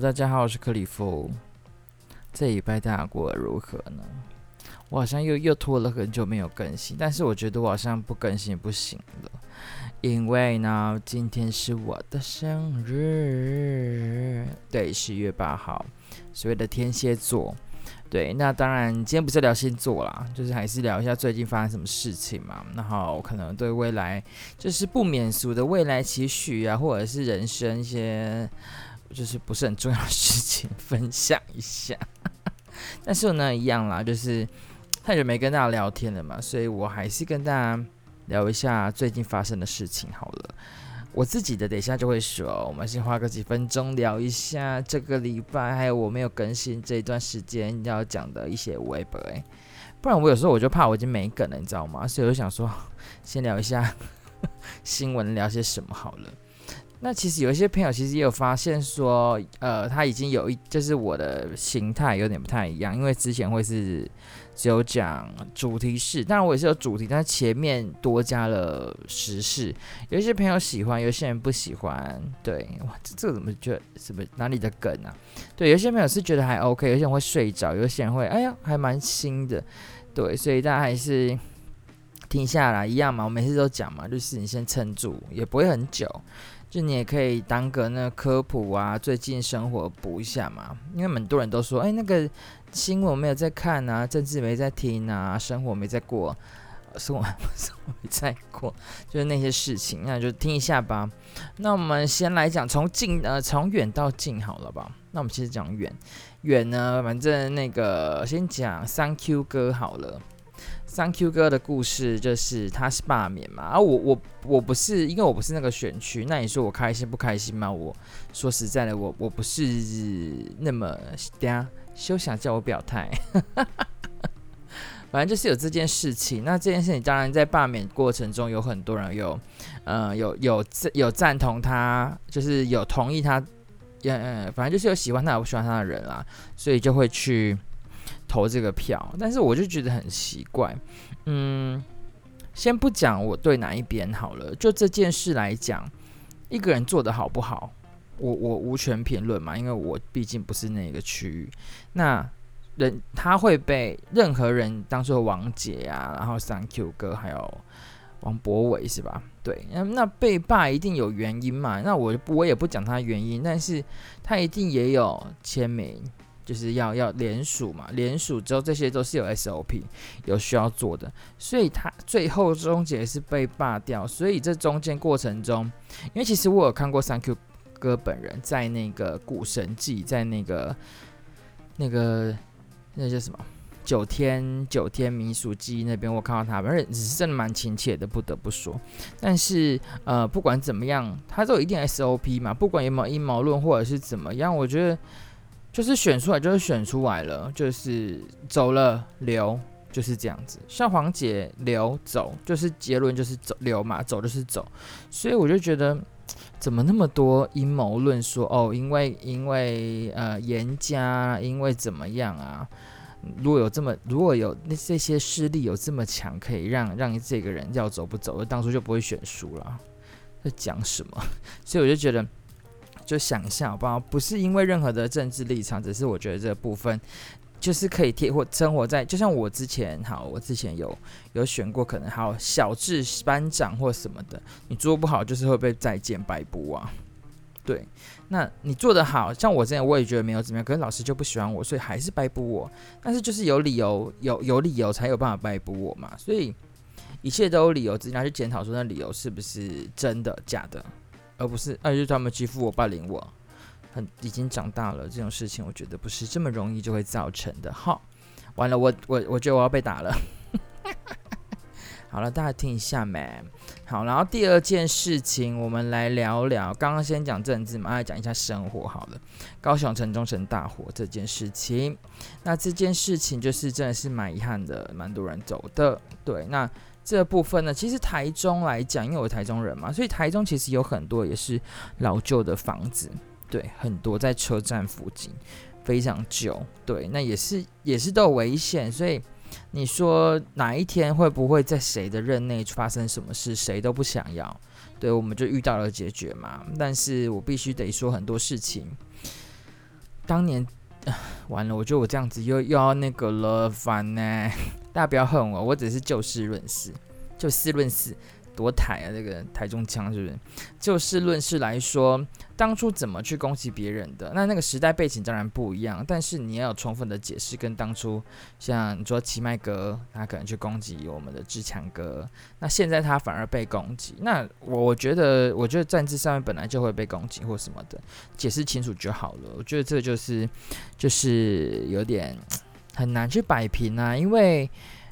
大家好，我是克里夫。這禮拜大家過得如何呢？我好像又又拖了很久沒有更新，但是我覺得我好像不更新不行了，因為呢，今天是我的生日，對，十一月八號，所謂的天蠍座，對，那當然今天不是聊星座啦，就是還是聊一下最近發生什麼事情嘛，然後可能對未來，就是不免俗的未來期許啊，或者是人生一些。就是不是很重要的事情分享一下， 但是呢，一樣啦，就是太久沒跟大家聊天了嘛，所以我還是跟大家聊一下最近發生的事情好了。我自己的等一下就會說，我們先花個幾分鐘聊一下這個禮拜還有我沒有更新這一段時間要講的一些微博。哎，不然我有時候我就怕我已經沒梗了，你知道嗎？所以我就想說，先聊一下 新聞，聊些什麼好了。那其實有一些朋友其實也有發現說，呃，他已經有一就是我的形態有點不太一樣，因為之前會是只有講主題式，當然我也是有主題，但是前面多加了時事。有一些朋友喜歡，有些人不喜歡。對，哇，這這個怎麼覺得什麼哪裡的梗啊？對，有些朋友是覺得還 OK，有些人會睡着，有些人會哎呀還蠻新的。對，所以大家還是停下來一樣嘛，我每次都講嘛，就是你先撐住，也不會很久。就你也可以當個那個科普啊，最近生活補一下嘛，因為很多人都說，哎、欸，那個新聞沒有在看啊，政治沒在聽啊，生活沒在過，呃、生活生活沒在過，就是那些事情，那就聽一下吧。那我們先來講，從近呃從遠到近好了吧。那我們其實講遠遠呢，反正那個先講三 Q 歌好了。張 Q 哥的故事就是他是罷免嘛啊，啊我我我不是因為我不是那個選區，那你說我開心不開心嘛？我說實在的，我我不是那麼嗲，休想叫我表態。 反正就是有這件事情，那這件事情當然在罷免過程中有很多人有，呃有有贊有，有贊同他，就是有同意他，嗯、呃、反正就是有喜歡他、有不喜歡他的人啦，所以就會去。投這個票，但是我就覺得很奇怪，嗯，先不講我對哪一邊好了，就這件事來講，一個人做得好不好，我我無權評論嘛，因為我畢竟不是那個區域。那人他會被任何人當做王杰啊，然後三 Q 哥還有王博偉是吧？對，那那被罷一定有原因嘛，那我我也不講他原因，但是他一定也有簽名。就是要要聯署嘛，聯署之後這些都是有 SOP 有需要做的，所以他最後終結是被罷掉，所以這中間過程中，因為其實我有看過三 Q 哥本人在那個《古神記》在那個那個那叫什麼《九天九天民俗記》那邊，我看到他們，而且只是真的蠻親切的，不得不說。但是呃，不管怎麼樣，他都有一定 SOP 嘛，不管有沒有陰謀論或者是怎麼樣，我覺得。就是選出來就是選出來了，就是走了留就是這樣子，像黃捷留走，就是結論，就是走留嘛，走就是走，所以我就覺得怎麼那麼多陰謀論說哦，因為因為呃顏家因為怎麼樣啊？如果有這麼如果有那這些勢力有這麼強，可以讓讓這個人要走不走，我當初就不會選輸了，在講什麼？所以我就覺得。就想象好不好？不是因為任何的政治立場，只是我覺得這部分就是可以貼或生活在。就像我之前好，我之前有有選過，可能還有小智班長或什麼的。你做不好，就是會被再見。擺布啊！對，那你做得好，像我之前我也覺得沒有怎麼樣，可是老師就不喜歡我，所以還是擺布我。但是就是有理由，有有理由才有辦法擺布我嘛。所以一切都有理由，直接去檢討說那理由是不是真的假的。而不是，而就專門欺負我、霸凌我，很已經長大了，這種事情我覺得不是這麼容易就會造成的哈。完了，我我我覺得我要被打了。 好了，大家聽一下，嘛。好，然後第二件事情，我們來聊聊。剛剛先講政治嘛，要講一下生活好了。高雄城中城大火這件事情，那這件事情就是真的是蠻遺憾的，蠻多人走的。對，那。這部分呢，其實台中來講，因為我台中人嘛，所以台中其實有很多也是老舊的房子，對，很多在車站附近，非常舊，對，那也是也是都有危險，所以你說哪一天會不會在誰的任內發生什麼事，誰都不想要，對，我們就遇到了解決嘛。但是我必須得說很多事情，當年完了，我覺得我這樣子又又要那個了，煩呢。大家不要恨我，我只是就事論事，就事論事，多台啊，這個台中腔是不是？就事論事來說，當初怎麼去攻擊別人的，那那個時代背景當然不一樣，但是你也要有充分的解釋，跟當初像你說奇麥哥，他可能去攻擊我們的志強哥，那現在他反而被攻擊，那我覺得，我覺得站姿上面本來就會被攻擊或什麼的，解釋清楚就好了。我覺得這就是，就是有點。很難去擺平啊，因為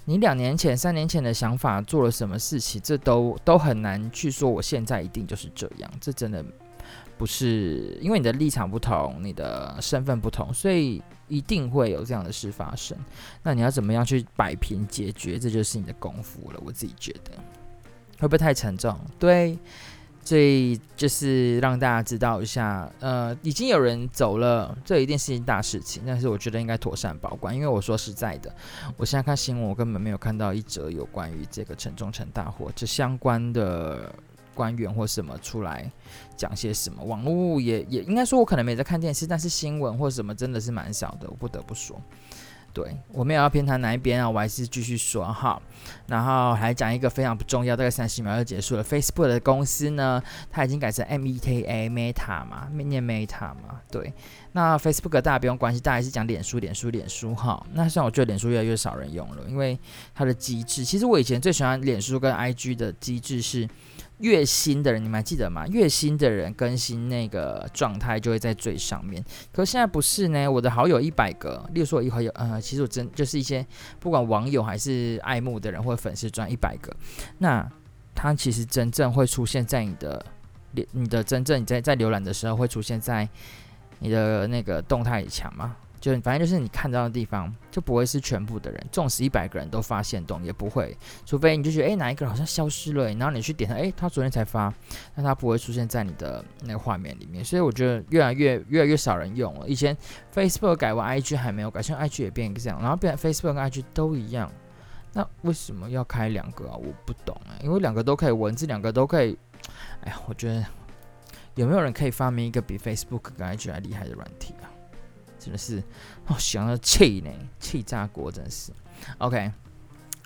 你兩年前、三年前的想法做了什麼事情，這都都很難去說。我現在一定就是這樣，這真的不是因為你的立場不同、你的身份不同，所以一定會有這樣的事發生。那你要怎麼樣去擺平解決？這就是你的功夫了。我自己覺得會不會太沉重？對。所以就是讓大家知道一下，呃，已經有人走了，這一定是一件大事情。但是我覺得應該妥善保管，因為我說實在的，我現在看新聞，我根本沒有看到一則有關於這個城中城大火這相關的官員或什麼出來講些什麼。網絡也也應該說，我可能沒在看電視，但是新聞或什麼真的是蠻少的，我不得不說。對，我沒有要偏袒哪一邊啊，我還是繼續說哈。然後還講一個非常不重要，大概三十秒就結束了。Facebook 的公司呢，它已經改成 Meta，Meta Met 嘛，念 Meta 嘛。對，那 Facebook 大家不用關心，大家還是講臉書，臉書，臉書哈。那像我覺得臉書越來越少人用了，因為它的機制。其實我以前最喜歡臉書跟 IG 的機制是。月薪的人，你們還記得嗎？月薪的人更新那個狀態就會在最上面，可是現在不是呢。我的好友一百個，例如說，我一好友，呃，其實我真就是一些不管網友還是愛慕的人或粉絲，賺一百個，那他其實真正會出現在你的，你的真正你在在瀏覽的時候會出現在你的那個動態牆嗎？就反正就是你看到的地方就不會是全部的人，縱使一百個人都發現懂也不會，除非你就覺得誒、欸，哪一個好像消失了，欸，然後你去點他，誒，他昨天才發，那他不會出現在你的那個畫面裡面，所以我覺得越來越越來越少人用了。以前 Facebook 改完 IG 還沒有改，現在 IG 也變一個這樣，然後變 Facebook 跟 IG 都一樣，那為什麼要開兩個啊？我不懂啊，欸，因為兩個都可以文字，兩個都可以，哎呀，我覺得有沒有人可以發明一個比 Facebook 跟 IG 還厲害的軟體啊？真的是，是，我想要氣呢，氣炸鍋，真是。OK，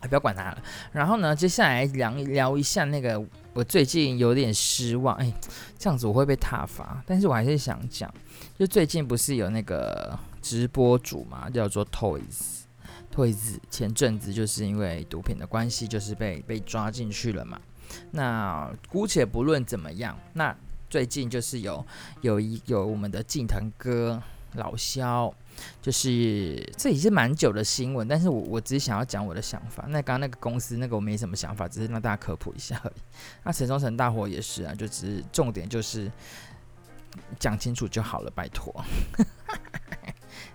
不要管他了。然後呢，接下來聊聊一下那個，我最近有點失望。哎、欸，這樣子我會被撻伐，但是我還是想講，就最近不是有那個直播主嘛，叫做 Toys Toys，前陣子就是因為毒品的關係，就是被被抓進去了嘛。那姑且不論怎麼樣，那最近就是有有一有我們的敬騰哥。老蕭，就是這已經是蠻久的新聞，但是我我只是想要講我的想法。那剛剛那個公司那個我沒什麼想法，只是讓大家科普一下而已。那城中城大火也是啊，就只是重點就是講清楚就好了，拜託。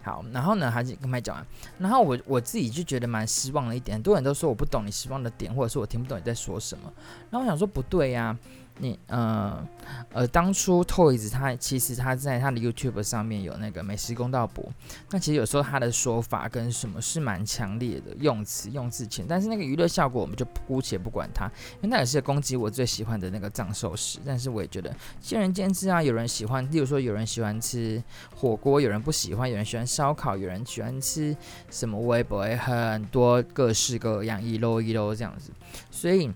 好，然後呢，還是跟麥講完。然後我我自己就覺得蠻失望的一點，很多人都說我不懂你失望的點，或者說我聽不懂你在說什麼？然後我想說，不對呀、啊。你呃呃，當初 Toyz 他其實他在他的 YouTube 上面有那個美食公道伯，那其實有時候他的說法跟什麼是蠻強烈的用詞用字遣。但是那個娛樂效果我們就姑且不管他，因為那也是攻擊我最喜歡的那個藏壽司，但是我也覺得見仁見智啊，有人喜歡，例如說有人喜歡吃火鍋，有人不喜歡，有人喜歡燒烤，有人喜歡吃什麼微博，微也很多各式各樣，一樓一樓這樣子，所以。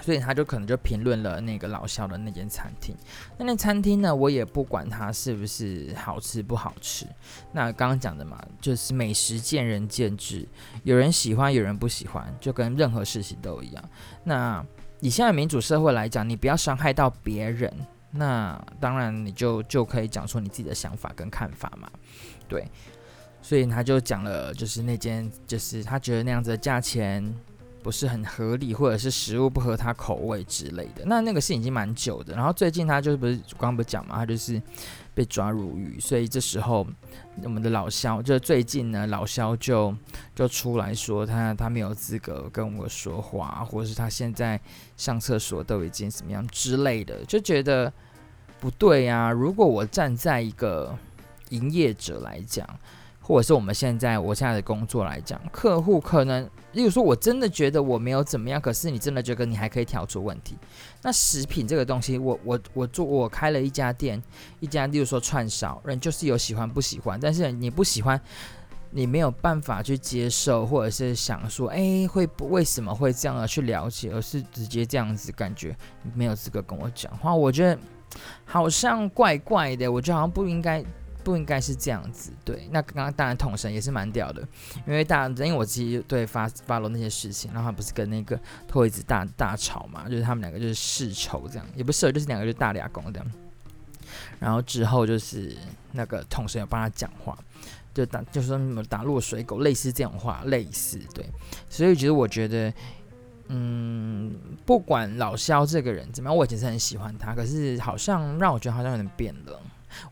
所以他就可能就評論了那個老肖的那間餐廳，那間餐廳呢，我也不管它是不是好吃不好吃。那剛剛講的嘛，就是美食見仁見智，有人喜歡，有人不喜歡，就跟任何事情都一樣。那以現在民主社會來講，你不要傷害到別人，那當然你就就可以講出你自己的想法跟看法嘛，對。所以他就講了，就是那間，就是他覺得那樣子的價錢。不是很合理，或者是食物不合他口味之類的。那那個是已經蠻久的，然後最近他就是，不是剛剛不講嘛，他就是被抓入獄，所以這時候我們的老肖就最近呢，老肖就就出來說他他沒有資格跟我說話，或者是他現在上廁所都已經怎麼樣之類的，就覺得不對呀、啊。如果我站在一個營業者來講。或者是我們現在我現在的工作來講，客戶可能，例如說，我真的覺得我沒有怎麼樣，可是你真的覺得你還可以挑出問題。那食品這個東西，我我我做，我開了一家店，一家，例如說串燒，人就是有喜歡不喜歡，但是你不喜歡，你沒有辦法去接受，或者是想說，誒、欸、會不為什麼會這樣而去了解，而是直接這樣子感覺你沒有資格跟我講話，我覺得好像怪怪的，我覺得好像不應該。不應該是這樣子，對。那剛剛當然統神也是蠻屌的，因為大，因為我自己對發發落那些事情，然後他不是跟那個托葉子大大吵嘛，就是他們兩個就是世仇這樣，也不是，就是兩個就是大倆攻這樣。然後之後就是那個統神有幫他講話，就打，就說什麼打落水狗類似這種話，類似對。所以其實我覺得，嗯，不管老蕭這個人怎麼樣，我以前是很喜歡他，可是好像讓我覺得好像有點變了。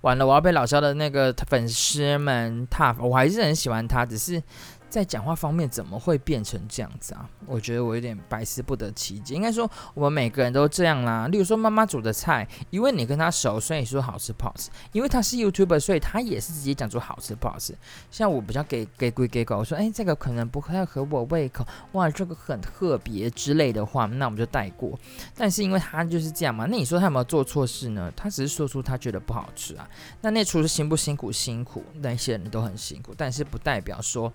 完了，我要被老肖的那個粉絲們討伐，我還是很喜歡他，只是。在講話方面怎麼會變成這樣子啊？我覺得我有點百思不得其解。應該說我們每個人都這樣啦。例如說媽媽煮的菜，因為你跟他熟，所以你說好吃不好吃；因為他是 YouTuber，所以他也是直接講出好吃不好吃。像我比較假，假鬼假狗，我說哎，這個可能不太合我胃口，哇，這個很特別之類的話，那我們就帶過。但是因為他就是這樣嘛，那你說他有沒有做錯事呢？他只是說出他覺得不好吃啊。那那廚師辛不辛苦？辛苦，那些人都很辛苦，但是不代表說。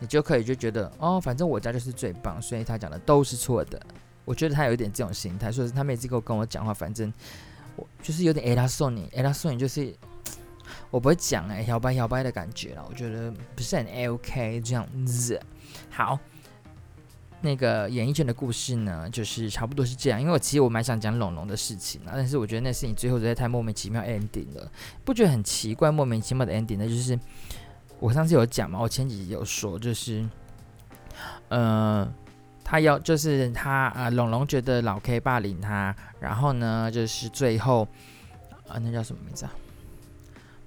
你就可以就覺得哦，反正我家就是最棒，所以他講的都是錯的。我覺得他有一點這種心態，所以他每次跟我講話，反正我就是有點挨他送你。挨他送你就是我不會講哎、欸，搖擺搖擺的感覺啦。我覺得不是很 OK 這樣子。好，那個演藝圈的故事呢，就是差不多是這樣。因為我其實我蠻想講龍龍的事情啊，但是我覺得那是你最後實在太莫名其妙 ending 了，不覺得很奇怪，莫名其妙的 ending 那就是。我上次有講嘛，我前幾集有說，就是，呃，他要就是他啊，龍龍覺得老 K 霸凌他，然後呢，就是最後啊，那叫什麼名字啊？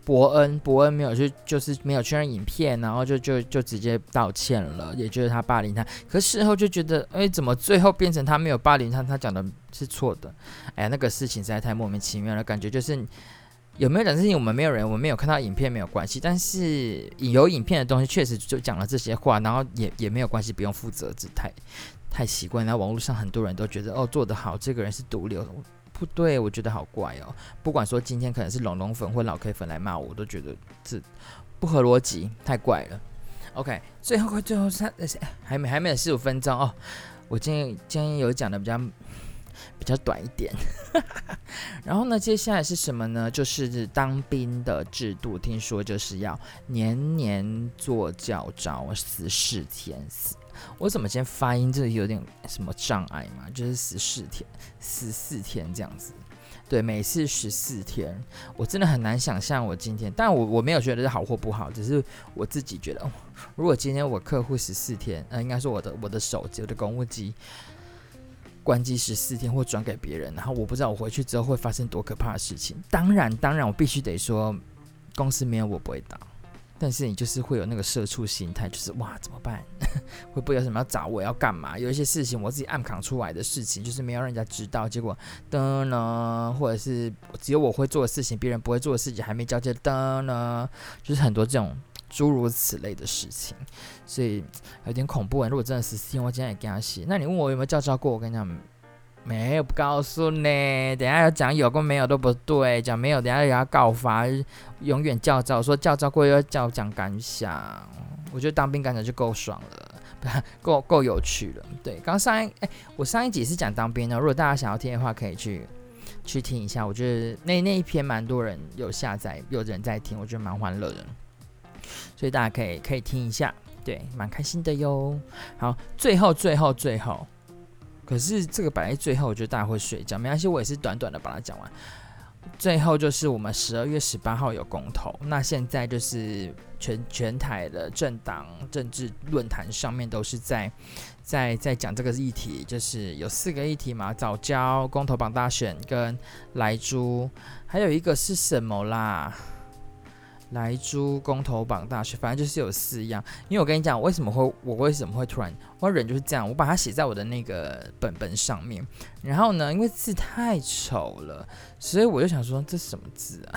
伯恩，伯恩沒有去，就是沒有確認影片，然後就就就直接道歉了，也就是他霸凌他，可是事後就覺得，哎、欸，怎麼最後變成他沒有霸凌他，他講的是錯的？哎呀，那個事情實在太莫名其妙了，感覺就是。有沒有講事情？我們沒有人，我們沒有看到影片，沒有關係。但是有影片的東西，確實就講了這些話，然後也也沒有關係，不用負責，這太太奇怪。然後網絡上很多人都覺得哦做得好，這個人是毒瘤，不對，我覺得好怪哦。不管說今天可能是龍龍粉或老 K 粉來罵我，我都覺得這不合邏輯，太怪了。OK，最後最後三，還沒還沒有十五分鐘哦。我今天今天有講的比較。比較短一點， 然後呢，接下來是什麼呢？就是當兵的制度，聽說就是要年年做教召十四天，我怎麼今天發音就有點什麼障礙嘛？就是十四天，十四天這樣子，對，每次十四天，我真的很難想象我今天，但我我沒有覺得是好或不好，只是我自己覺得，哦，如果今天我客戶十四天，呃，應該說我的我的手機，我的公務機。關機十四天，或轉給別人，然後我不知道我回去之後會發生多可怕的事情。當然，當然，我必須得說，公司沒有我不會倒。但是你就是會有那個社畜心態，就是哇怎麼辦？會不會有什麼要找我，要幹嘛？有一些事情我自己暗扛出來的事情，就是沒有讓人家知道。結果等呢，或者是只有我會做的事情，別人不會做的事情還沒交接，等呢，就是很多這種。諸如此類的事情，所以有點恐怖啊！如果真的是聽我今天也給他寫。那你問我有沒有教召過？我跟你講，沒有，不告訴你。等下要講有跟沒有都不對，講沒有，等下又要告發，永遠教召，說教召過要叫講感想。我覺得當兵感覺就夠爽了，夠夠有趣了。對，剛上一哎、欸，我上一集是講當兵的，如果大家想要聽的話，可以去去聽一下。我覺得那那一篇蠻多人有下載，有人在聽，我覺得蠻歡樂的。所以大家可以可以聽一下，對，蠻開心的喲。好，最後最後最後，可是這個擺在最後，我覺得大家會睡覺。講沒關係，我也是短短的把它講完。最後就是我們十二月十八號有公投，那現在就是全全台的政黨政治論壇上面都是在在在講這個議題，就是有四個議題嘛：藻礁、公投、綁大選跟萊豬，還有一個是什麼啦？萊豬公投綁大選，反正就是有四樣。因為我跟你講，我為什麼會我為什麼會突然，我人就是這樣，我把它寫在我的那個本本上面。然後呢，因為字太醜了，所以我就想說，這是什麼字啊？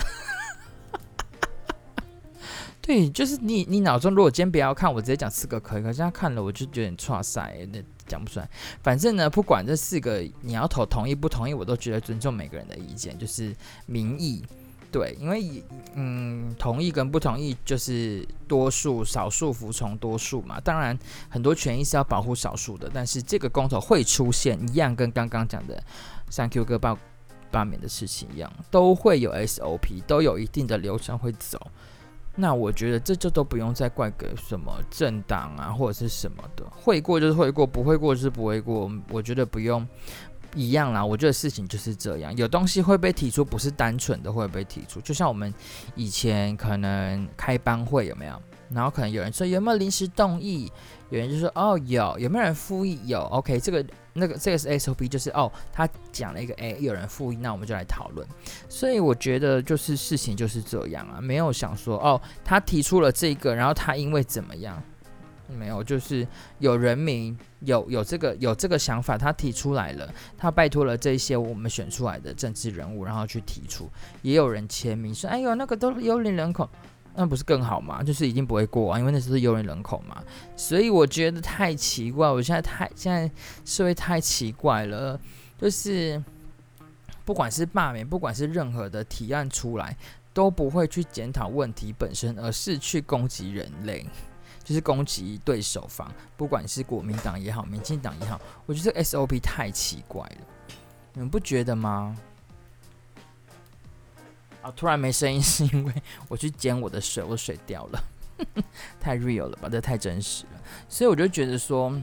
對，就是你，你腦中如果今天不要看，我直接講四個可以。可是他看了，我就覺得太塞，那講不出來。反正呢，不管這四個你要投同意不同意，我都覺得尊重每個人的意見，就是民意。對，因為嗯，同意跟不同意，就是多數少數服從多數嘛。當然，很多權益是要保護少數的，但是這個公投會出現一樣，跟剛剛講的三 Q 哥罷罷免的事情一樣，都會有 SOP，都有一定的流程會走。那我覺得這就都不用再怪給什麼政黨啊，或者是什麼的，會過就是會過，不會過就是不會過，我覺得不用。一樣啦，我覺得事情就是這樣，有東西會被提出，不是單純的會被提出。就像我們以前可能開班會，有沒有？然後可能有人說有沒有臨時動議，有人就說哦有，有沒有人復議有？OK，這個那個這個是 SOP，就是哦他講了一個 a、欸、有人復議，那我們就來討論。所以我覺得就是事情就是這樣啊，沒有想說哦他提出了這個，然後他因為怎麼樣。沒有，就是有人民有有這個有這個想法，他提出來了，他拜託了這些我們選出來的政治人物，然後去提出，也有人簽名說：“哎呦，那個都是幽靈人口，那，嗯，不是更好嗎？就是已經不會過啊，因為那是幽靈人口嘛。”所以我覺得太奇怪，我現在太現在社會太奇怪了，就是不管是罷免，不管是任何的提案出來，都不會去檢討問題本身，而是去攻擊人類。就是攻擊對手方，不管是國民黨也好，民進黨也好，我覺得 SOP 太奇怪了，你們不覺得嗎？啊，突然沒聲音是因為我去撿我的水，我水掉了， 太 real 了吧，這太真實了，所以我就覺得說。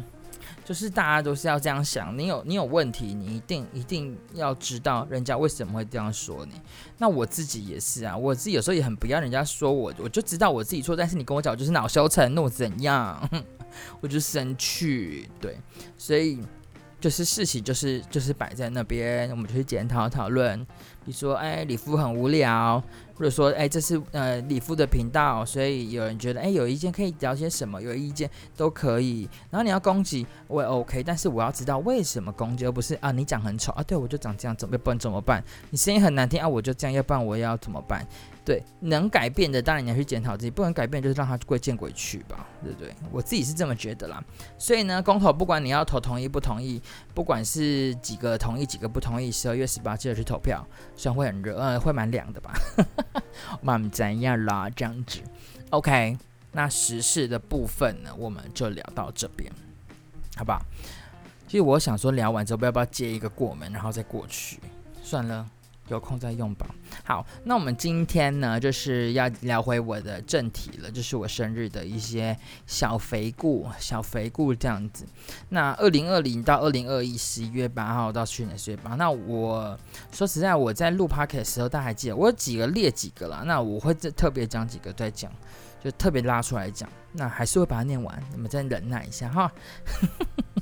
就是大家都是要這樣想，你有你有問題，你一定一定要知道人家為什麼會這樣說你。那我自己也是啊，我自己有時候也很不要人家說我，我就知道我自己錯。但是你跟我講就是惱羞成怒怎樣， 我就生氣。對，所以就是事情就是就是擺在那邊，我們就去檢討討論。你說，哎，里夫很無聊，或者說，哎、欸，這是呃裡夫的頻道、哦，所以有人覺得，哎、欸，有意見可以聊些什麼，有意見都可以。然後你要攻擊，我也 OK，但是我要知道為什麼攻擊，而不是啊你長很醜啊，對我就長這樣，怎麼辦怎麼辦？你聲音很難聽啊，我就這樣要不然，我要怎麼辦？對，能改變的當然你要去檢討自己，不能改變就是讓他歸見鬼去吧，對不對？我自己是這麼覺得啦。所以呢，公投不管你要投同意不同意，不管是幾個同意幾個不同意，十二月十八記得去投票，雖然會很熱，呃會蠻涼的吧，蠻怎樣啦，這樣子。OK，那時事的部分呢，我們就聊到這邊，好不好？其實我想說，聊完之後要不要接一個過門，然後再過去？算了。有空再用吧。好，那我們今天呢，就是要聊回我的正題了，就是我生日的一些小肥故、小肥故這樣子。那二零二零到二零二一十一月八號到去年十月八號，那我說實在，我在錄 podcast 的時候，大家還記得我有幾個列幾個啦。那我會特別講幾個再講，就特別拉出來講。那還是會把它念完，你們再忍耐一下哈。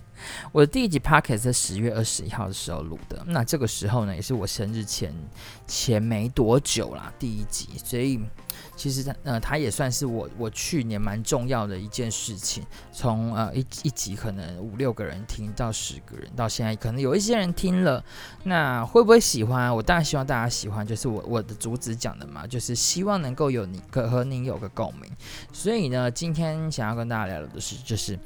我的第一集 podcast 在十月二十一號的時候錄的，那這個時候呢，也是我生日前前沒多久啦。第一集，所以其實它呃，它也算是我我去年蠻重要的一件事情。從呃一一集可能五六個人聽到十個人，到現在可能有一些人聽了，那會不會喜歡？我當然希望大家喜歡，就是我我的主旨講的嘛，就是希望能夠有你和和您有個共鳴。所以呢，今天想要跟大家聊聊的是，就是。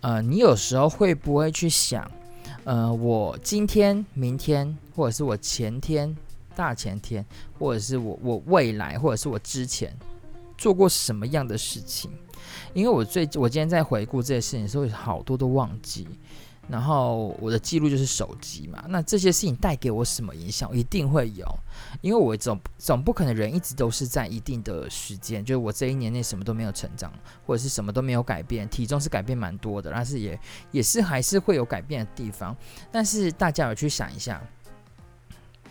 呃，你有時候會不會去想，呃，我今天、明天，或者是我前天、大前天，或者是我我未來，或者是我之前做過什麼樣的事情？因為我最我今天在回顧這些事情的時候，好多都忘記。然後我的記錄就是手機嘛，那這些事情帶給我什麼影響？一定會有，因為我總總不可能人一直都是在一定的時間，就是我這一年內什麼都沒有成長，或者是什麼都沒有改變，體重是改變蠻多的，但是也也是還是會有改變的地方。但是大家有去想一下。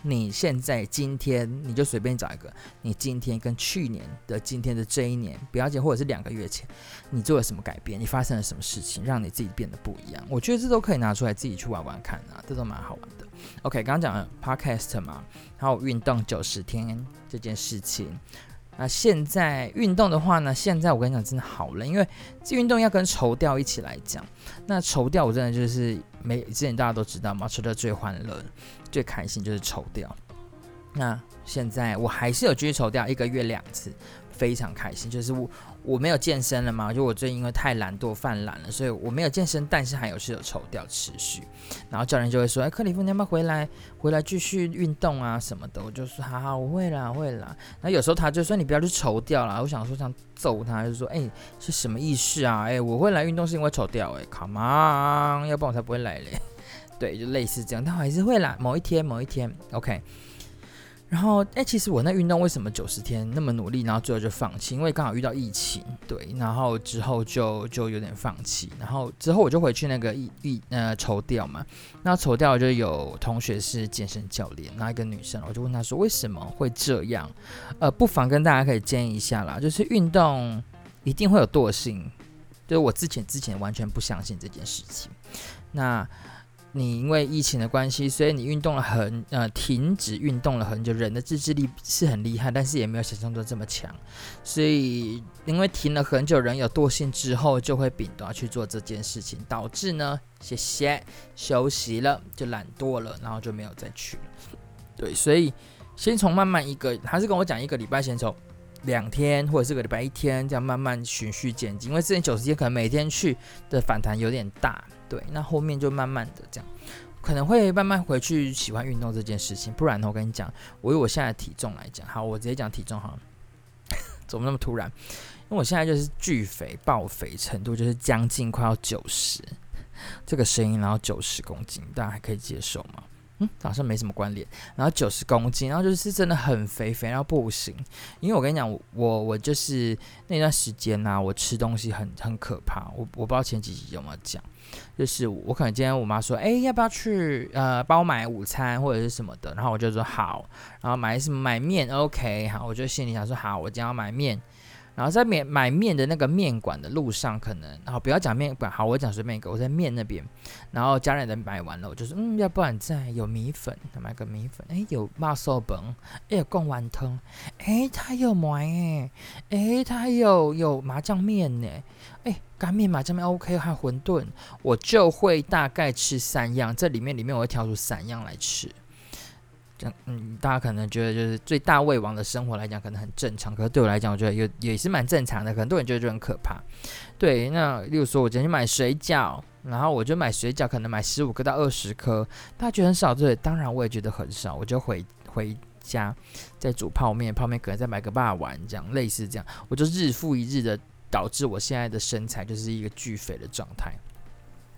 你現在今天你就隨便找一個，你今天跟去年的今天的這一年，不要緊，或者是兩個月前，你做了什麼改變？你發生了什麼事情，讓你自己變得不一樣？我覺得這都可以拿出來自己去玩玩看啊，這都蠻好玩的。OK，剛剛講了 Podcast 嘛，然後運動九十天這件事情。那、啊、現在運動的話呢？現在我跟你講，真的好累，因為這運動要跟抽掉一起來講。那抽掉我真的就是每之前大家都知道，嘛，抽掉最歡樂、最開心就是抽掉。那現在我還是有繼續抽掉，一個月兩次，非常開心，就是我。我沒有健身了嘛，就我最近因為太懶惰犯懶了，所以我沒有健身，但是還有是有抽掉持續。然後教練就會說：“哎、欸，克里夫，你要不要回來？回來繼續運動啊什麼的。”我就說：“好好，我會啦，我會啦。”那有時候他就說：“你不要去抽掉啦。”我想說想揍他，就說：“哎、欸，是什麼意思啊？哎、欸，我會來運動是因為抽掉、欸，哎，come on，要不然我才不會來嘞、欸。”對，就類似這樣，但我還是會啦。某一天，某一天，OK。然後，誒、欸，其實我那運動為什麼九十天那麼努力，然後最後就放棄？因為剛好遇到疫情，對，然後之後就就有點放棄。然後之後我就回去那個一一呃，抽調嘛，那抽調就有同學是健身教練，那一個女生，我就問她說為什麼會這樣？呃，不妨跟大家可以建議一下啦，就是運動一定會有惰性，就是我之前之前完全不相信這件事情，那。你因為疫情的關係，所以你運動了很，呃，停止運動了很久，人的自制力是很厲害，但是也沒有想象中這麼強，所以因為停了很久，人有惰性之後就會秉住要去做這件事情，導致呢歇歇休息了就懶惰了，然後就沒有再去了。對，所以先從慢慢一個，他是跟我講一個禮拜先從兩天或者是個禮拜一天這樣慢慢循序漸進，因為之前九十天可能每天去的反彈有點大。對，那後面就慢慢的這樣，可能會慢慢回去喜歡運動這件事情。不然呢，我跟你講，我以我現在的體重來講，好，我直接講體重好了。 怎麼那麼突然？因為我現在就是巨肥爆肥程度，就是將近快要九十，這個聲音，然後九十公斤，大家還可以接受嗎？嗯，好像沒什麼關聯。然後九十公斤，然後就是真的很肥，肥，肥到不行。因為我跟你講，我我，我就是那段時間吶、啊，我吃東西很很可怕，我我不知道前幾集有沒有講。就是我，我可能今天我媽說，哎，要不要去呃幫我買午餐或者是什麼的？然後我就說好，然後買什麼買麵，OK，好，我就心裡想說好，我今天要買麵。然後在面買麵的那個麵館的路上，可能，然後不要講麵館，好，我講隨便一個，我在面那邊，然後家裡人買完了，我就說、是，嗯，要不然再有米粉，買個米粉，哎，有麻燒餅，哎，有貢丸湯，哎，它有麥、欸、誒，哎，它有有麻醬麵呢、欸，哎，乾麵麻醬麵 OK，還有餛飩，我就會大概吃三樣，這裡面裡面我會挑出三樣來吃。嗯，大家可能覺得就是最大胃王的生活來講，可能很正常。可是對我來講，我覺得也也是蠻正常的。很多人覺得就很可怕。對，那例如說我今天去買水餃，然後我就買水餃，可能買十五個到二十顆，大家覺得很少對？當然我也覺得很少，我就回回家再煮泡麵，泡麵可能再買個大碗這樣，類似這樣，我就日復一日的導致我現在的身材就是一個巨肥的狀態。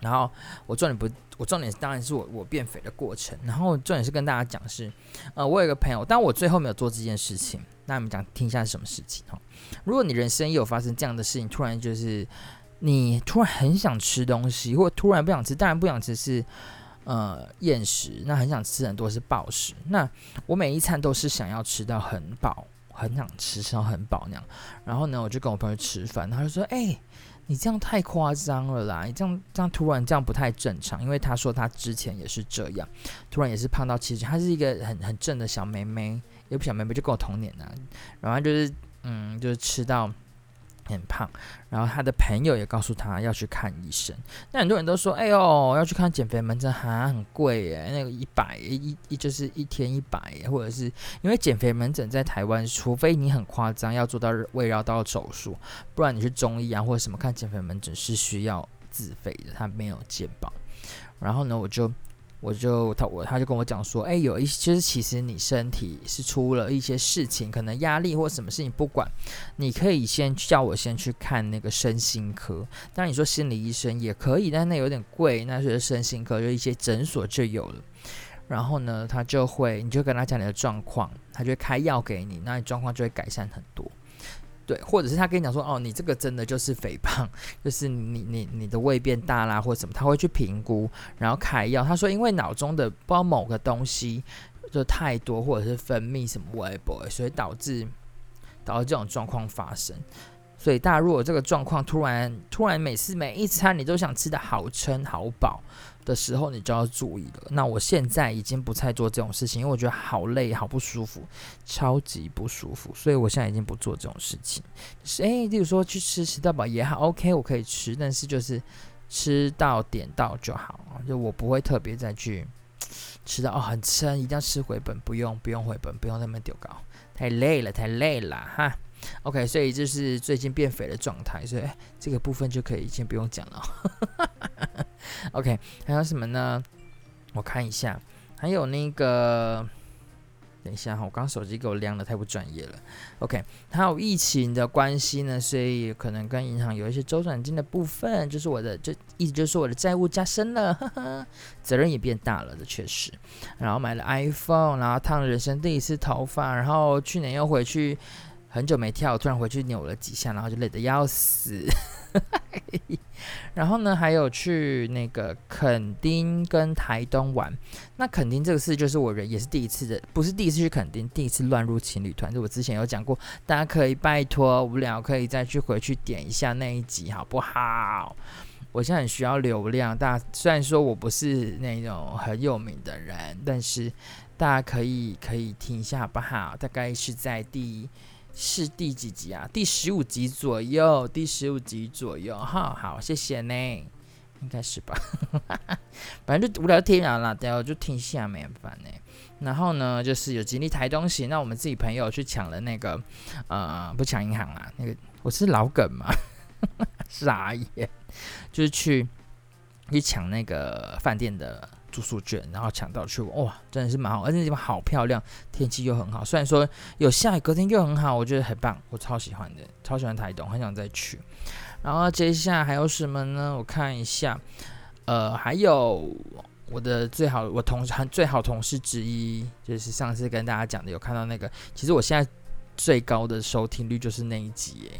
然後我重點不，我重點當然是我我變肥的過程。然後重點是跟大家講是，呃，我有一個朋友，但我最後沒有做這件事情。那你們講聽一下是什麼事情哈？如果你人生有發生這樣的事情，突然就是你突然很想吃東西，或突然不想吃，當然不想吃是呃厭食，那很想吃很多是暴食。那我每一餐都是想要吃到很飽，很想吃吃到很飽那樣。然後呢，我就跟我朋友吃飯，然後他就說，哎、欸。你這樣太誇張了啦！你這樣這樣突然這樣不太正常，因為他說他之前也是這樣，突然也是胖到七十，他是一個很很正的小妹妹，也不小妹妹，就跟我同年吶、啊。然後就是嗯，就是吃到。很胖，然後他的朋友也告訴他要去看醫生。那很多人都說：“哎呦，要去看減肥門診還、啊、很貴耶，那個一百一一,一就是一天一百，或者是因為減肥門診在台灣，除非你很誇張要做到胃繞道手術，不然你是中醫啊或者什麼看減肥門診是需要自費的，他沒有健保。然後呢，我就。”我就他我他就跟我講說，哎、欸，有一就是其實你身體是出了一些事情，可能壓力或什麼事情，不管，你可以先叫我先去看那個身心科。但你說心理醫生也可以，但那有點貴，那就是身心科就一些診所就有了。然後呢，他就會你就跟他講你的狀況，他就會開藥給你，那你狀況就會改善很多。對，或者是他跟你講說，哦，你這個真的就是肥胖，就是你你你的胃變大啦，或者什麼，他會去評估，然後開藥。他說，因為腦中的不知道某個東西就太多，或者是分泌什麼胃波，所以導致導致這種狀況發生。所以，大家如果這個狀況突然突然每次每一餐你都想吃得好撐好飽。的時候你就要注意了。那我現在已經不再做這種事情，因為我覺得好累，好不舒服，超級不舒服。所以我現在已經不做這種事情。就是，誒，例如說去吃吃到飽也好，OK，我可以吃，但是就是吃到點到就好，就我不會特別再去，吃到，哦，很撐，一定要吃回本，不用不用回本，不用那麼丟高，太累了，太累了，哈。OK，所以這是最近變肥的狀態，所以這個部分就可以先不用講了。 OK，還有什麼呢？我看一下，還有那個，等一下哈，我剛手機給我亮了，太不專業了。OK，還有疫情的關係呢，所以可能跟銀行有一些周轉金的部分，就是我的就意思就是我的債務加深了， 責任也變大了，這確實。然後買了 iPhone，然後燙了人生第一次頭髮，然後去年又回去。很久沒跳，突然回去扭了幾下，然後就累得要死。 然後呢，還有去那個墾丁跟台東玩。那墾丁這個事就是我人也是第一次的，不是第一次去墾丁，第一次亂入情侶團。就我之前有講過，大家可以拜託無聊可以再去回去點一下那一集好不好？我現在很需要流量，大家雖然說我不是那種很有名的人，但是大家可以可以聽一下好不好？大概是在第是第幾集啊？第十五集左右，第十五集左右。哈，好，謝謝呢，應該是吧。反 正就無聊天了啦，然後就聽下面番呢。然後呢，就是有經歷抬東西，那我們自己朋友去搶了那個，呃，不搶銀行啊，那個我是老梗嘛，哈傻眼，就是去去搶那個飯店的。住宿券，然後搶到去，哇，真的是蠻好，而且那地方好漂亮，天氣又很好。雖然說有下雨，隔天又很好，我覺得很棒，我超喜歡的，超喜歡台東，很想再去。然後接下來還有什麼呢？我看一下，呃，還有我的最好，我同事，最好同事之一，就是上次跟大家講的，有看到那個。其實我現在最高的收聽率就是那一集耶，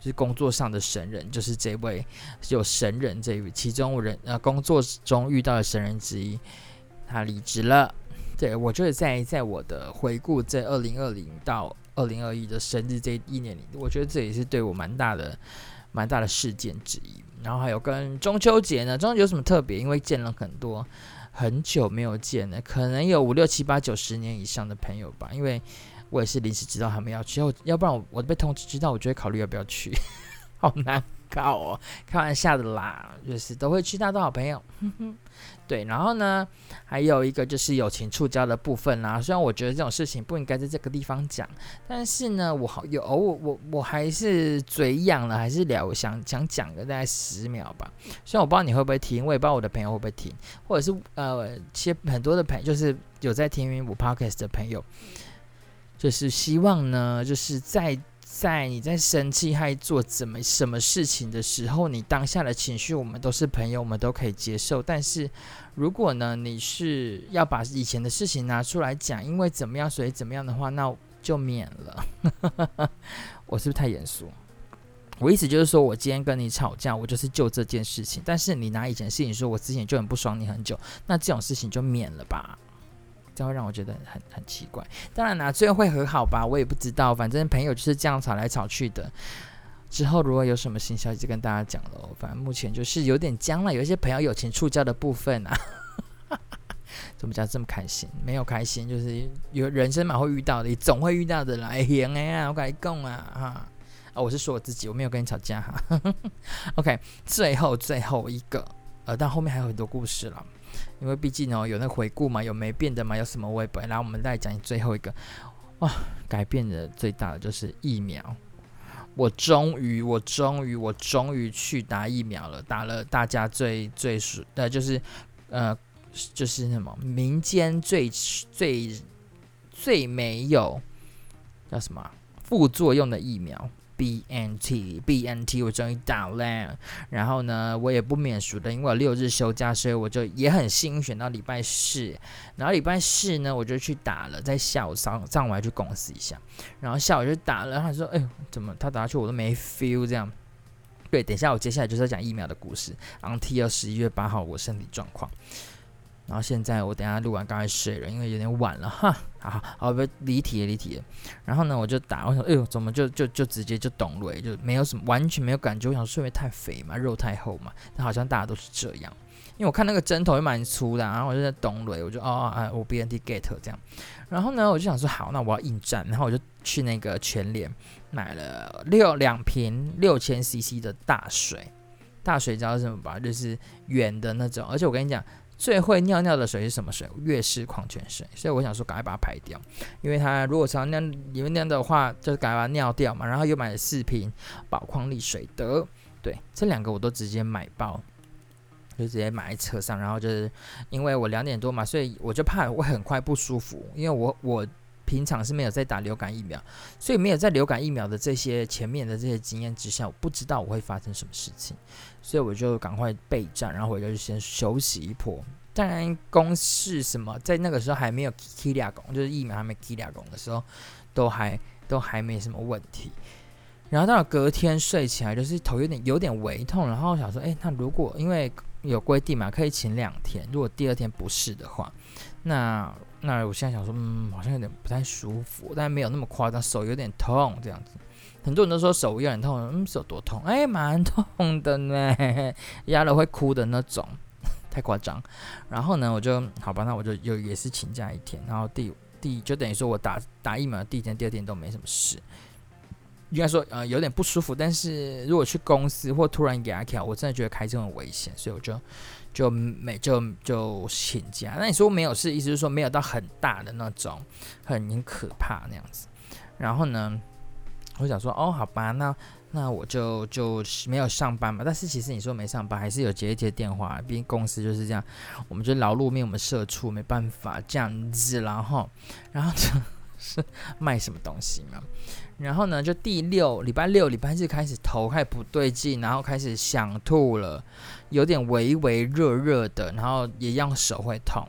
就是工作上的神人，就是這位是有神人這一位其中人呃工作中遇到的神人之一，他離職了。對，我就是在在我的回顧在二零二零到二零二一的生日這一年裡，我覺得這也是對我蠻大的蠻大的事件之一。然後還有跟中秋節呢，中秋節有什麼特別？因為見了很多很久沒有見的，可能有五六七八九十年以上的朋友吧，因為。我也是臨時知道他們要去，要要不然我我被通知知道，我就會考慮要不要去，呵呵好難搞哦。開玩笑的啦，就是都會去，大都好朋友呵呵。對，然後呢，還有一個就是友情觸礁的部分啦。雖然我覺得這種事情不應該在這個地方講，但是呢，我好有偶爾我我，我還是嘴癢了，還是聊我想想講個大概十秒吧。雖然我不知道你會不會聽，我也不知道我的朋友會不會聽，或者是呃，其實很多的朋友就是有在聽雲五 podcast 的朋友。就是希望呢，就是在在你在生氣還做怎麼什麼事情的時候，你當下的情緒，我們都是朋友，我們都可以接受。但是，如果呢，你是要把以前的事情拿出來講，因為怎麼樣，所以怎麼樣的話，那就免了。 我是不是太嚴肅？我意思就是說，我今天跟你吵架，我就是就這件事情。但是你拿以前的事情說，我之前就很不爽你很久，那這種事情就免了吧。都會讓我覺得很很奇怪，當然啦、啊，最後會和好吧，我也不知道，反正朋友就是這樣吵來吵去的。之後如果有什麼新消息，就跟大家講嘍。反正目前就是有點僵了，有一些朋友友情觸礁的部分啊。 怎麼講這麼開心？沒有開心，就是有人生嘛，會遇到的，你總會遇到的啦。哎呀，我跟你講啊，啊，我是說我自己，我沒有跟你吵架哈、啊。 OK，最後最後一個，呃，但後面還有很多故事了。因為畢竟哦，有那回顧嘛，有沒變的嘛，有什麼微本，然後我們再講最後一個。哇、哦，改變的最大的就是疫苗，我終於，我終於，我終於去打疫苗了，打了大家最最熟，的、呃、就是呃，就是什麼民間最最最沒有叫什麼副作用的疫苗，BNT BNT，我終於打了。然後呢，我也不免俗的，因為我六日休假，所以我就也很幸運選到禮拜四。然後禮拜四呢，我就去打了，在下午上上午還去公司一下。然後下午就打了，然後他說：“哎，怎麼他打出去我都沒 feel 這樣？”對，等一下我接下來就是要講疫苗的故事。然後 T 要十一月八號，我身體狀況。然後現在我等下錄完，剛才睡了，因為有點晚了哈。好好，不離題了，離題了。然後呢，我就打，我想，哎呦，怎麼就就就直接就懂了？就沒有什麼，完全沒有感覺。我想，睡眠太肥嘛，肉太厚嘛。但好像大家都是這樣，因為我看那個針頭也蠻粗的。然後我就在懂了，我就哦，哦，我、哦哦、B N T get 這樣。然後呢，我就想說，好，那我要應戰。然後我就去那個全聯買了六兩瓶六千 c c 的大水，大水知道是什麼吧？就是圓的那種。而且我跟你講。最會尿尿的水是什麼水？悅氏礦泉水。所以我想說，趕快把它排掉，因為它如果常尿，裡面尿的話，就趕快把它尿掉嘛。然後又買了四瓶寶礦力水得，對，這兩個我都直接買爆，就直接買在車上。然後就是因為我兩點多嘛，所以我就怕我很快不舒服，因為我我。平常是沒有在打流感疫苗，所以沒有在流感疫苗的這些前面的這些經驗之下，我不知道我會發生什麼事情，所以我就趕快備戰，然後我就先休息一波。當然，公事什麼，在那個時候還沒有打，就是疫苗還沒打的時候，都還都還沒什麼問題。然後到了隔天睡起來，就是頭有點有點微痛，然後我想說，哎，那如果因為有規定嘛，可以請兩天，如果第二天不是的話，那。那我現在想說，嗯，好像有點不太舒服，但沒有那麼誇張，手有點痛這樣子。很多人都說手有點痛，嗯，手多痛？哎、欸，蠻痛的呢，壓了會哭的那種，呵呵太誇張。然後呢，我就好吧，那我就有也是請假一天。然後第第就等於說我打打疫苗第一天、第二天都沒什麼事，應該說呃有點不舒服。但是如果去公司或突然給他開，我真的覺得開車很危險，所以我就。就沒就就請假，那你說沒有事，意思就是說沒有到很大的那種，很可怕那樣子。然後呢，我想說，哦，好吧，那那我就就沒有上班嘛。但是其實你說沒上班，還是有接一接電話，畢竟公司就是這樣，我們就勞碌命，我們社畜沒辦法這樣子。然後，然後就。是 賣什麼東西嘛？然後呢，就第六禮拜六禮拜日開始頭還不對勁，然後開始想吐了，有點微微熱熱的，然後也一樣手會痛，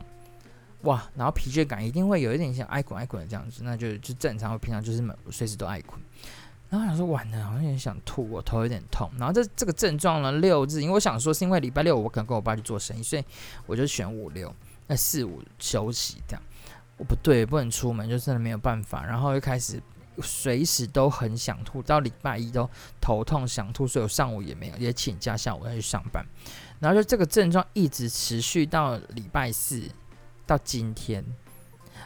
哇，然後疲倦感一定會有一點像愛滾愛滾的這樣子，那就就正常，平常就是隨時都愛滾。然後想說完了，好像也想吐，我頭有點痛，然後這這個症狀呢六日，因為我想說是因為禮拜六我可能跟我爸去做生意，所以我就選五六，那四五休息這樣。我不對，不能出門，就真的沒有辦法。然後又開始隨時都很想吐，到禮拜一都頭痛想吐，所以我上午也沒有也請假，下午要去上班。然後就這個症狀一直持續到禮拜四，到今天。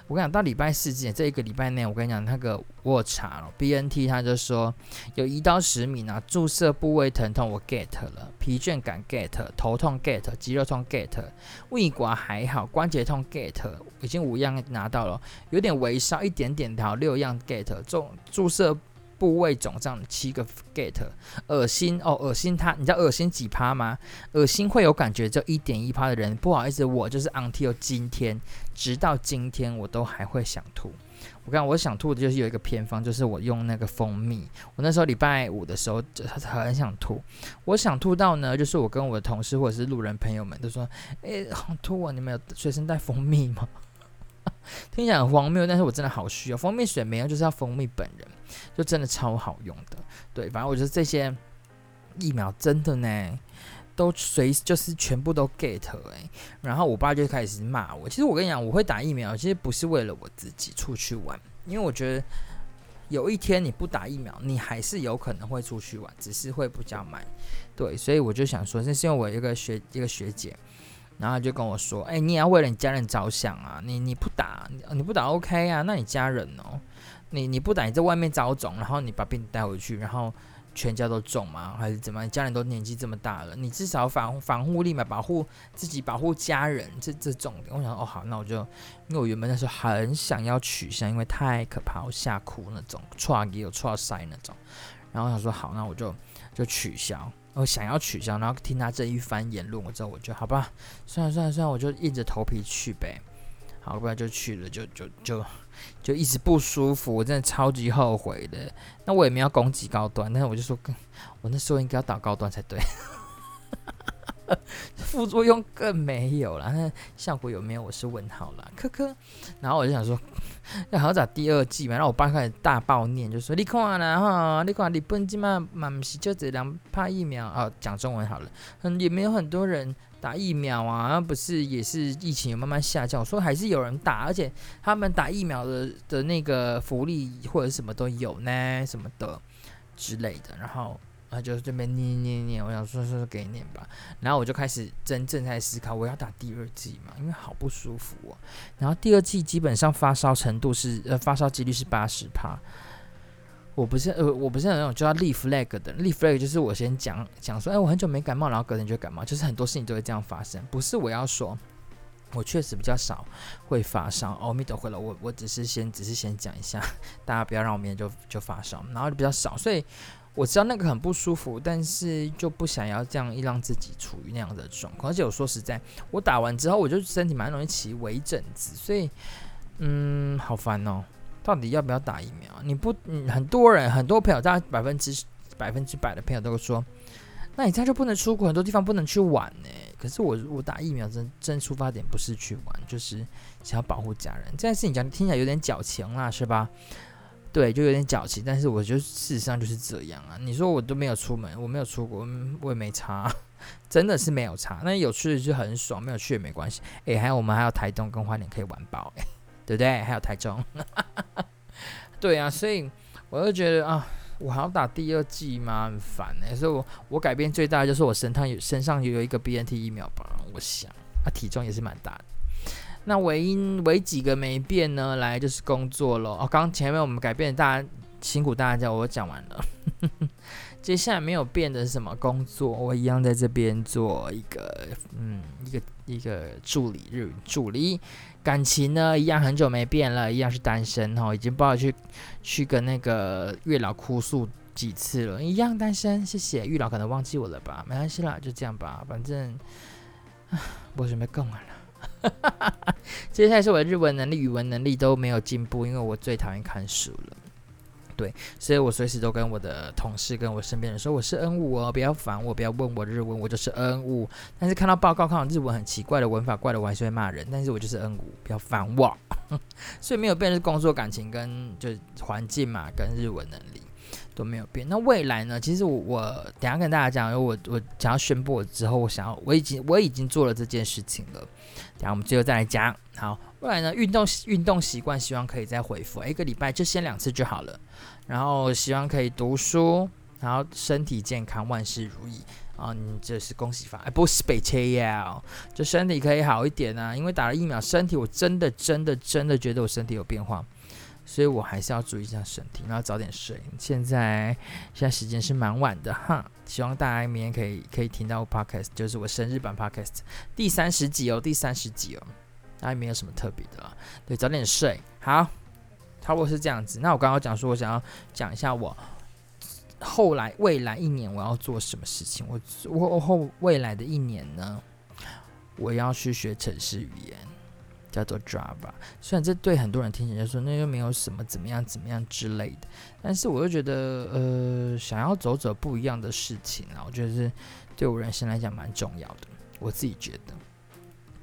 我跟你講，到禮拜四之前，這一個禮拜內，我跟你講那個我查咯，B N T，他就說有一到十米呢、啊，注射部位疼痛我 get 了，疲倦感 get，頭痛 get，肌肉痛 get，胃管還好，關節痛 get，已經五樣拿到了，有點微燒，一點點疼，六樣 get 注注射。部位腫脹，七個 get，噁心哦，噁心他，你知道噁心幾趴嗎？噁心會有感覺有 1. 1，就一點一趴的人，不好意思，我就是 until 今天，直到今天，我都還會想吐。我剛我想吐的就是有一個偏方，就是我用那個蜂蜜。我那時候禮拜五的時候就很想吐，我想吐到呢，就是我跟我的同事或者是路人朋友們都說，欸、好吐我，你們有隨身帶蜂蜜嗎？聽起來很荒謬，但是我真的好需要蜂蜜水，沒有就是要蜂蜜本人，就真的超好用的。對，反正我覺得這些疫苗真的呢，都隨就是全部都 get 哎、欸。然後我爸就開始罵我，其實我跟你講，我會打疫苗，其實不是為了我自己出去玩，因為我覺得有一天你不打疫苗，你還是有可能會出去玩，只是會比較慢。對，所以我就想說，這是因為我一個學一個學姐。然後他就跟我說：“哎，你也要為了你家人着想啊！你你不打，你不打 OK 啊？那你家人哦，你你不打你在外面找腫，然後你把病帶回去，然後全家都腫嗎？還是怎麼樣？你家人都年紀這麼大了，你至少防防護力嘛，保護自己，保護家人，這這重點。我想，哦，好，那我就，因為我原本那時候很想要取消，因為太可怕，我嚇哭那種，錯也有錯到塞那種。然後他說好，那我就就取消。”我想要取消，然後聽他這一番言論，我之後我就好吧，算了算了算了，我就硬着頭皮去唄。好，不然就去了，就就就就一直不舒服，我真的超級後悔的。那我也沒有攻擊高端，那我就說，我那時候應該要打高端才對。 副作用更沒有了，那效果有沒有我是問號了，科科。然後我就想說，那還要打第二劑嘛？然後我爸開始大爆念，就說你看啦哈，你看你看本地嘛，滿是就只兩怕疫苗哦。講中文好了，嗯，也沒有很多人打疫苗啊，不是也是疫情慢慢下降，說還是有人打，而且他們打疫苗的的那個福利或者什麼都有呢，什麼的之類的，然後。他就是這邊念念念，我想說說說給你念吧，然後我就開始真正在思考，我要打第二劑嘛，因為好不舒服，啊、然後第二劑基本上發燒程度是呃，發燒幾率是八十趴，我不是呃我不是很那種就要立 flag 的，立 flag 就是我先講講說，哎，欸，我很久沒感冒，然後隔天就感冒，就是很多事情都會這樣發生。不是我要說，我確實比較少會發燒，哦，每次回會了，我我只是先只是先講一下，大家不要讓我明天就就發燒，然後就比較少，所以。我知道那個很不舒服，但是就不想要這樣一讓自己處於那樣的狀況。而且我說實在，我打完之後，我就身體蠻容易起微疹子，所以嗯，好煩哦、喔。到底要不要打疫苗？你不，嗯、很多人，很多朋友，大概百分之百分之百的朋友都會說，那你這樣就不能出國，很多地方不能去玩呢、欸。可是我，我打疫苗真真出發點不是去玩，就是想要保護家人。這件事情講聽起來有點矯情啦，是吧？對，就有點矯情，但是我覺得事實上就是這樣啊。你說我都沒有出門，我沒有出國，我也沒差， 真的是沒有差，那有趣的就很爽，沒有去也沒關係。哎、欸，還有我們還有台東跟花蓮可以玩爆、欸， 對不對？還有台中， 對啊，所以我就覺得啊，我還要打第二劑嗎？很煩呢、欸，所以我我改變最大的就是我身上有身上有有一個 BNT 疫苗吧，我想，啊，體重也是蠻大的。那唯一唯幾個沒變呢？來就是工作嘍。哦剛前面我們改變的大，大家辛苦大家，我講完了。 接下來沒有變的是什麼？工作，我一樣在這邊做一個，嗯，一個一個助理日助理。感情呢，一樣很久沒變了，一樣是單身哈，已經不好去去跟那個月老哭訴幾次了，一樣單身。謝謝，月老可能忘記我了吧？沒關係啦，就這樣吧，反正我準備更完了。哈哈哈，接下來是我的日文能力、語文能力都沒有進步，因為我最討厭看書了。對，所以我隨時都跟我的同事、跟我身邊人說：“我是 N5 哦，不要煩我，不要問我日文，我就是 N5。”但是看到報告，看到日文很奇怪的文法，怪的我還是會罵人。但是我就是 N5，不要煩我， 所以沒有變是工作感情跟就是環境嘛，跟日文能力。都沒有變。那未來呢？其實我我等下跟大家講，因為我我想要宣布我之後我想要，我已經我已經做了這件事情了。等下我們最後再來講。好，未來呢，運動運動習慣希望可以再恢復，欸，一個禮拜就先兩次就好了。然後希望可以讀書，然後身體健康，萬事如意啊！你這是恭喜發，哎、欸，不是北車呀，就身體可以好一點啊。因為打了疫苗，身體我真的真的真的覺得我身體有變化。所以我還是要注意一下身體，然後早點睡。現在現在時間是蠻晚的哈，希望大家明天可以可以聽到我 podcast，就是我生日版 podcast 第三十集哦，第三十集哦，那也沒有什麼特別的了。對，早點睡，好，差不多是這樣子。那我剛剛講說我想要講一下我後來未來一年我要做什麼事情，我我後未來的一年呢，我要去學程式語言。叫做 Java，雖然這對很多人聽起來說那就沒有什麼怎麼樣怎麼樣之類的，但是我又覺得，呃，想要走走不一樣的事情，啊，我覺得是對我人生來講蠻重要的，我自己覺得。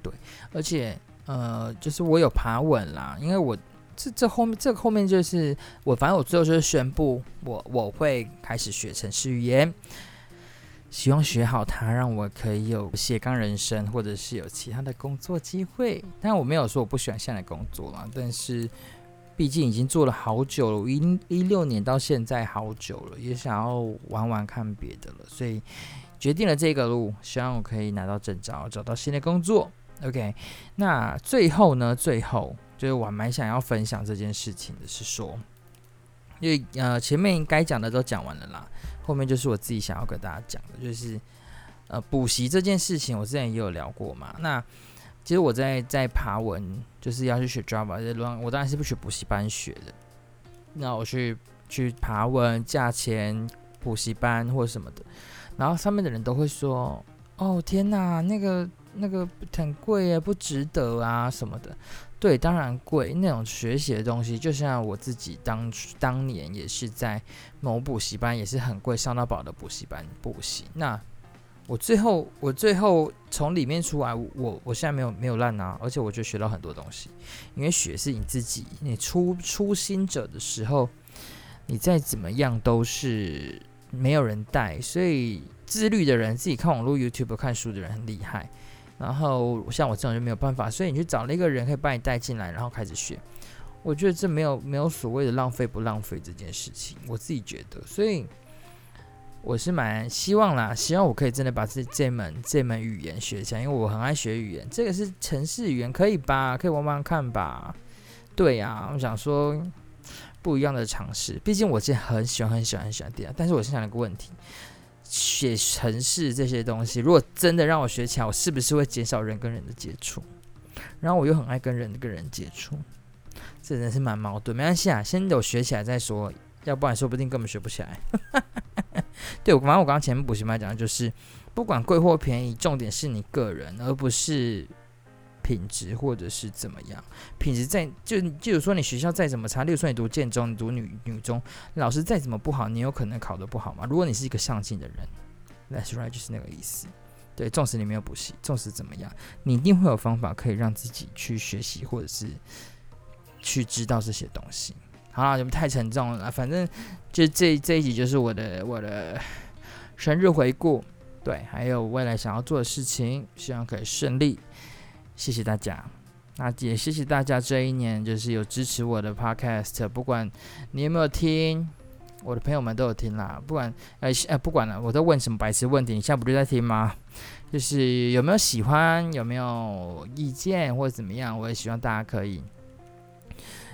對，而且呃，就是我有爬文啦，因為我這這後面這後面就是我，反正我最後就是宣布，我我會開始學程式語言。希望學好它，讓我可以有斜槓人生，或者是有其他的工作機會。但我沒有說我不喜歡現在的工作了，但是畢竟已經做了好久了，我16年到現在好久了，也想要玩玩看別的了，所以決定了這個路，希望我可以拿到證照，找到新的工作。OK，那最後呢？最後就是我還蠻想要分享這件事情的是說，因為呃前面該講的都講完了啦。後面就是我自己想要跟大家講的，就是，呃，補習這件事情，我之前也有聊過嘛。那其實我在在爬文，就是要去學 Java，我當然是不學補習班學的。那我去去爬文，價錢補習班或什麼的，然後上面的人都會說：“哦，天哪，那個那個很貴啊，不值得啊，什麼的。”對，當然貴。那種學習的東西，就像我自己當當年也是在某補習班，也是很貴，上到寶的補習班補習。那我最後我最後從裡面出來，我我，我現在沒有沒有爛啊，而且我就學到很多東西。因為學是你自己，你初初心者的時候，你再怎麼樣都是沒有人帶，所以自律的人，自己看網絡 YouTube 看書的人很厲害。然後像我這種就沒有辦法，所以你去找那個人可以把你帶進來，然後開始學。我覺得這沒有沒有所謂的浪費不浪費這件事情，我自己覺得。所以我是蠻希望啦，希望我可以真的把這這門這門語言學起來，因為我很愛學語言。這個是城市語言，可以吧？可以玩玩看吧。對呀、啊，我想說不一樣的嘗試，畢竟我是很喜歡很喜歡很喜歡這樣。但是我現在有一個問題。寫程式這些東西，如果真的讓我學起來，我是不是會減少人跟人的接觸？然後我又很愛跟人跟人接觸，這真的是蠻矛盾。沒關係啊，先有學起來再說，要不然說不定根本學不起來。 對，我反正我剛剛前面補習班講的就是，不管貴或便宜，重點是你個人，而不是。品質或者是怎麼樣？品質再就，就是說你學校再怎麼差，例如說你讀建中、你讀女女中，老師再怎麼不好，你有可能考得不好嗎？如果你是一個上進的人，That's right，就是那個意思。對，縱使你沒有補習，縱使怎麼樣，你一定會有方法可以讓自己去學習，或者是去知道這些東西。好啦，你們太沉重了。反正就這一這一集就是我的我的生日回顧，對，還有未來想要做的事情，希望可以順利。謝謝大家，那也謝謝大家這一年就是有支持我的 podcast，不管你有沒有聽，我的朋友們都有聽啦。不管呃、欸欸、不管了，我在問什麼白痴問題？你現在不就在聽嗎？就是有沒有喜歡，有沒有意見或者怎麼樣，我也希望大家可以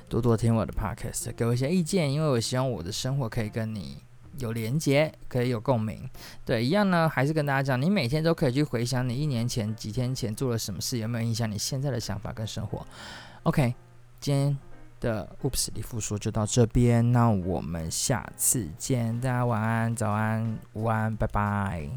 多多聽我的 podcast，給我一些意見，因為我希望我的生活可以跟你。有連接，可以有共鳴，對一樣呢，還是跟大家講，你每天都可以去回想你一年前、幾天前做了什麼事，有沒有影響你現在的想法跟生活？OK，今天的 Oops 里夫說就到這邊，那我們下次見，大家晚安、早安、午安，拜拜。